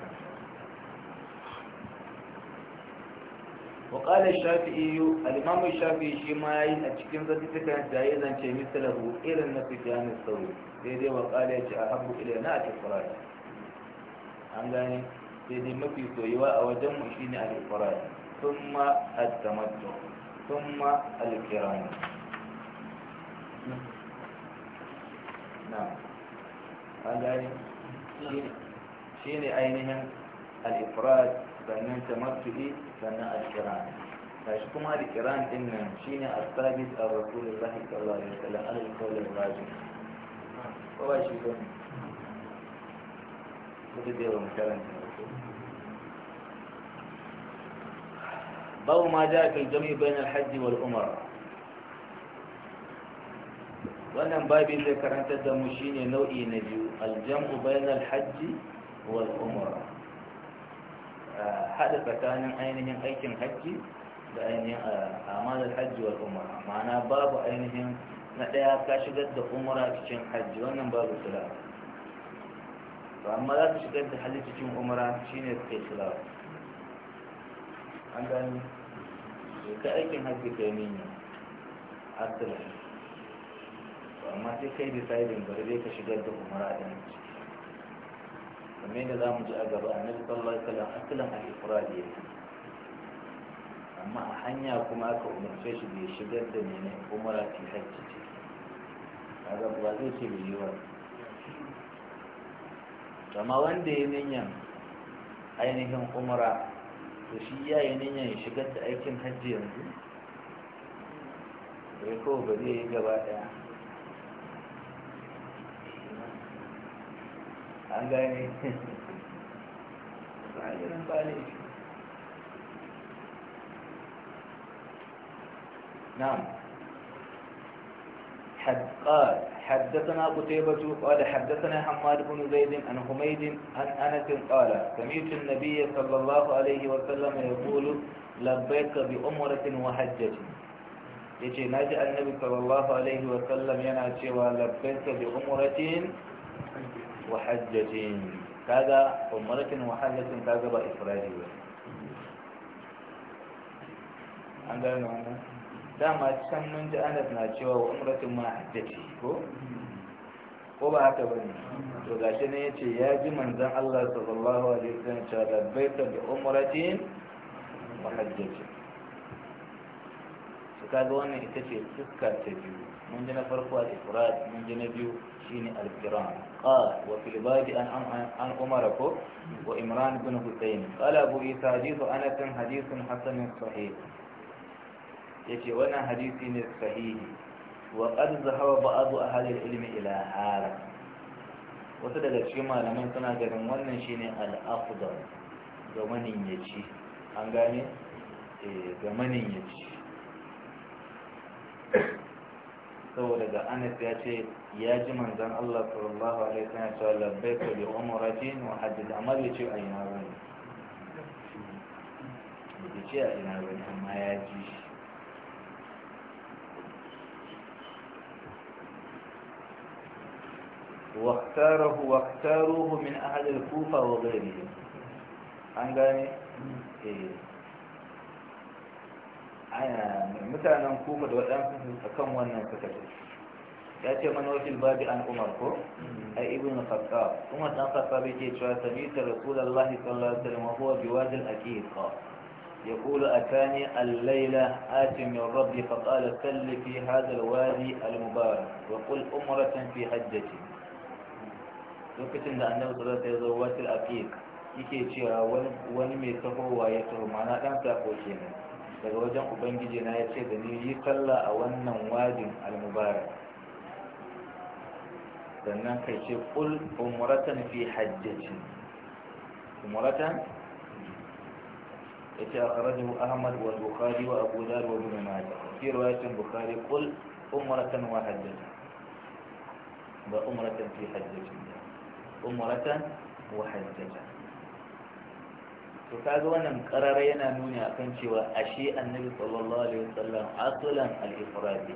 وقال الشافعي الإمام الشافعي شما أتشكين ذاتي كانت جائزا كي مثله إلى النسجان الثوري سيدي وقال يجي أحب إلينا الإفراد أنغاني سيدي ما في سويوا أوجم إشيني الإفراد ثم التمتع ثم الكرام نعم أنغاني شيني أينهم الإفراد sannan tamattu'i sannan alkiran kashi kuma alkiran din nan shine asabis a rasulullah sallallahu alaihi wasallam alal qawli raji ko ba shi ba ko da yawan karanta babu ma ja fil jami bain al hajj wal umra wannan babi zai karantar da mu shine nau'i na biyu al jam'u bain al hajj wal umra haɗa tsakanin ainihin aikin hajji da ainihin amalar hajji wa umara ma'ana babu ainihin na ɗaya ka shigar da umara cikin hajji wannan babu sulawa ba amma za ka shigar da hajji cikin umara shine kai sulawa an gani ka aikin hajji nini a ne ba amma sai kai decidin bari zai ka shigar da umara ɗin ciki kamar yadda za mu ji a gaba annabi sallallahu alaihi wasallam akalan al da ya amma a hanya kuma aka umarce shi bai shigar da ne umara fi hajji ce kaga ba zai ce bai yi wa amma wanda ya niyan ainihin umara to shi ya yi niyan shigar da aikin hajji yanzu bai ko ba zai yi gaba daya نعم حد قال حدثنا قتيبة قال حدثنا حماد بن زيد عن حميد عن أنس قال سمعت النبي صلى الله عليه وسلم يقول لبيك بأمرة وحجة يجي نجأ النبي صلى الله عليه وسلم يناجي ولبيك بأمرة وحجة كذا ومرك وحجة كذا بإفراد عندنا معنى دام أتسم من جاء نبنا جوا وعمرة ما حجتي كو كو بها يا جمن ذا الله صلى الله عليه وسلم شاء لبيت بعمرة وحجتي kaga wannan ita ce fuska ta biyu mun ji na farko a ifrad mun ji na biyu shine al kiram qal wa fil badi an an umar ko wa imran ibn husayn qala abu isa hadithu anas hadithun hasan sahih yace wannan hadisi ne sahihi wa qad zahaba ba'd ahli al ilmi ila hada wasu daga cikin malaman suna ganin wannan shine al afdal ga manin yaci an gane eh, ga manin yaci saboda ga anas ya ce ya ji manzan allah sallallahu alaihi wasallam cewa labbai ka bi umaratin wa hajjin amma bai ce a ina ba ne bai ce a ina ba ne amma ya ji واختاره واختاروه من أهل الكوفة وغيرهم إيه mutanen kuma da waɗansu a kan wannan fitattun ya ce mana wakil babi an umar ko a ibn khattab umar dan khattab yake cewa sabita rasulullahi sallallahu alaihi wasallam huwa biwadi al-aqiqa يقول أتاني الليلة آت من ربي فقال سل في هذا الوادي المبارك وقل أمرة في حجتي lokacin da annabi sallallahu alaihi wasallam ya zo wasil aqiq yake cewa wani mai tahowa ya taho ma'ana dan sako kenan daga wajen ubangiji na ya ce da ni yi sallah a wannan wadin almubarak sannan kai ce kul umratan fi hajjaci ce a akhrajahu ahmad wa bukhari wa abu dar wa ibn majah fi riwayatin bukari kul umratan wa hajjaci ba umratan fi hajjaci umratan wa hajjaci to kaga wannan karara yana nuni akan cewa ashe annabi sallallahu alaihi wasallam asulan al-ifradi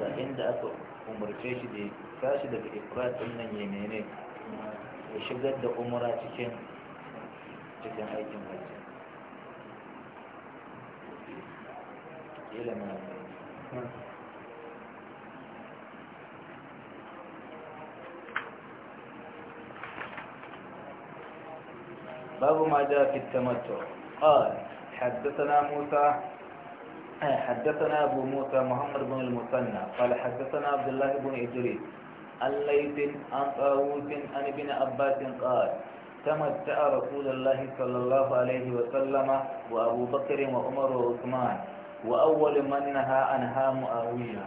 da inda aka umarce shi da tashi daga ifrad din nan yene ne ya shigar da umra cikin cikin aikin hajji ila باب ما جاء في التمتع قال حدثنا موسى آه، حدثنا أبو موسى محمد بن المثنى قال حدثنا عبد الله بن إدريس عن ليث عن طاووس عن ابن عباس قال تمتع رسول الله صلى الله عليه وسلم وأبو بكر وعمر وعثمان وأول من نهى عنها معاوية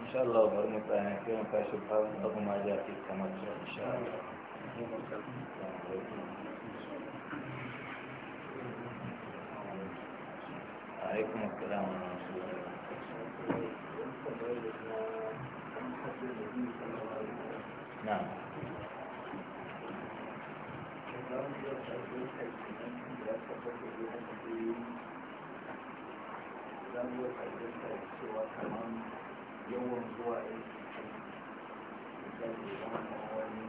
insha Allah bar mu tsaya sai mu tashi babu abu ma ja insha Allah yawan zuwa aiki misali wani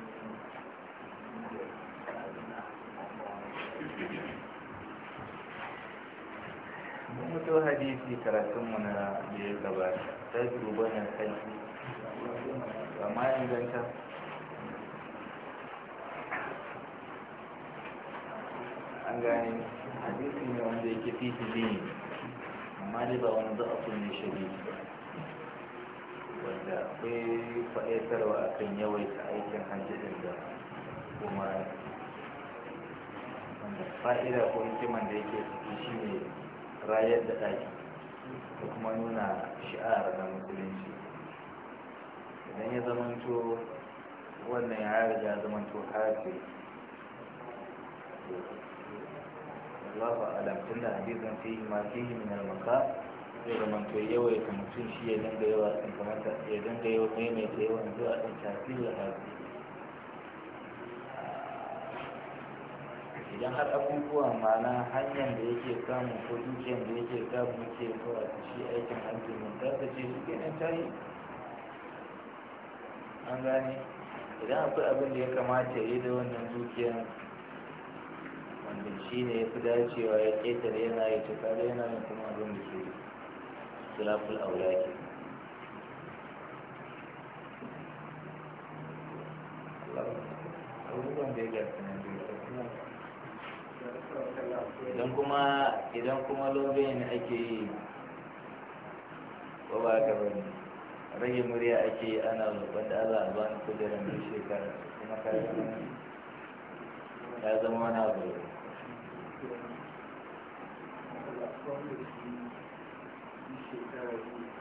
wani mutu hadisi karatunmu na da ya gabata ta duba na kai amma inganta an gane hadisi ne wanda yake fi ne amma dai ba wani za'afun ne shari'a da akwai faɗaitarwa a kan yawaita aikin hajji ɗin da kuma wanda fa'ida ko hikiman da yake ciki shi ne rayar da ɗaki da kuma nuna shi'ar da musulunci idan ya zamanto wannan ya riga zamanto hafi Allah fa'alam da hadisin fi ma fihi min zai zama yawai yawaita mutum shi ya dinga yawa sun kamata ya dinga yawa maimaita yawan zuwa ɗin tafi da hafi idan har abubuwa mana hanyar da yake samun ko dukiyar da yake samun yake kawai ta shi aikin hajji mun ta ta ce shi kenan ta yi an gane idan akwai abin da ya kamata ya yi da wannan dukiyar wanda shi ne ya fi dacewa ya ƙetare yana yi ta kare yana yi kuma abin da ke yi اختلاف aulaki idan kuma idan kuma lobin ake yi ko ba ka bane rage murya ake yi ana roƙon da Allah ba ni kujerar shekara kuma ka ya zama wani abu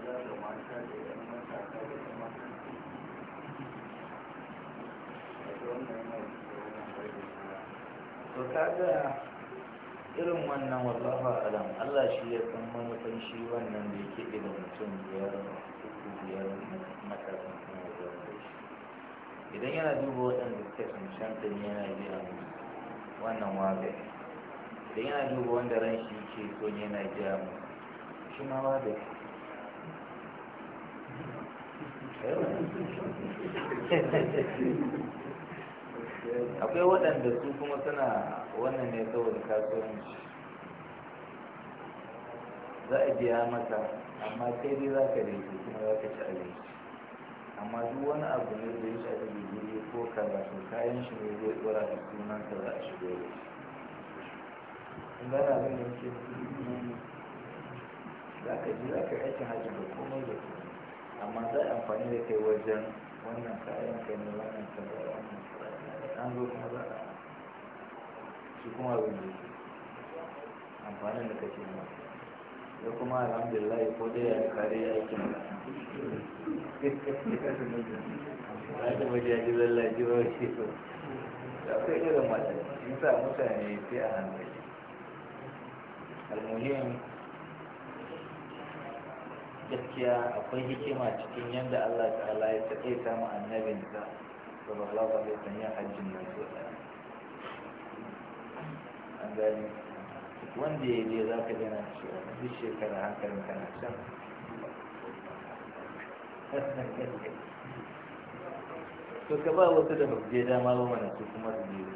to kaga irin wannan wallahu alam Allah shi ya san manufan shi wannan da yake da mutum biyar uku biyar matakan kuma da shi idan yana duba waɗanda suka cancanta ne yana jiran wannan waga idan yana duba wanda ran shi ke so ne yana jira mu shi ma waga akwai waɗanda su kuma suna wannan ne saboda kasuwanci za a biya mata amma kai dai za ka daidai kuma za ka ci abinci amma duk wani abu ne da ya shafi digiri ko karatu kayan shi ne zai tsora da sunan ka za a shigo da shi in gana abin da yake za ka ji za ka aikin hajji da komai da komai amma za a amfani da kai wajen wannan kayan ka ne wannan ka ne wannan ka ne an zo kuma za a shi kuma abin da yake amfanin da kake ma da kuma alhamdulillah ko dai ya kare aikin da ya taɓa jaji lallaji ba shi so da akwai irin mata shi sa mutane sai a hankali almuhim gaskiya akwai hikima cikin yadda Allah ta'ala ya take samu annabin da sallallahu alaihi wasallam ya hajjin nan so da an gani wanda ya je za ka gana cewa duk shekara hankalin kana can to ka ba wasu da babu dama ba mana su kuma su biyu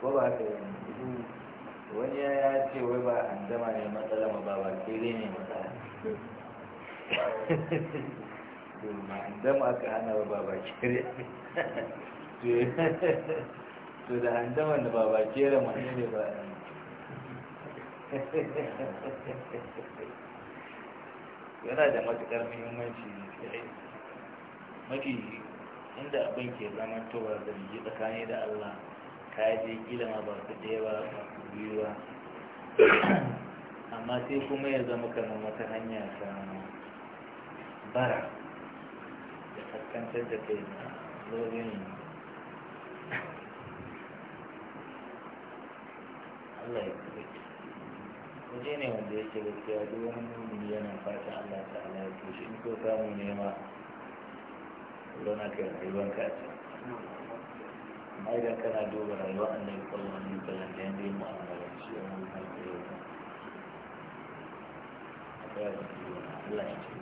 ko ba haka yi wani ya ce wai ba dama ne matsala ba ba kere ne matsala ma dama aka hana ba ba ke to da dama da ba ba re ma ne ba yana da matukar muhimmanci mafi inda abin ke zama towa yi tsakani da allah ka je gila ma ba su da yawa ba biyu ba amma sai kuma ya zama kamar wata hanya ta bara da kaskantar da kai na lorin Allah ya kare waje ne wanda yake gaskiya duk wani nuni yana fata Allah ta ala ya shi in ko samu nema zona kai rayuwanka a can ai da kana duba rayuwa annabi sallallahu alaihi wasallam da yanda ya mu'amala shi a wannan harkar yau akwai a cikin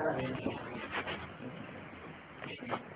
Allah ya ce Thank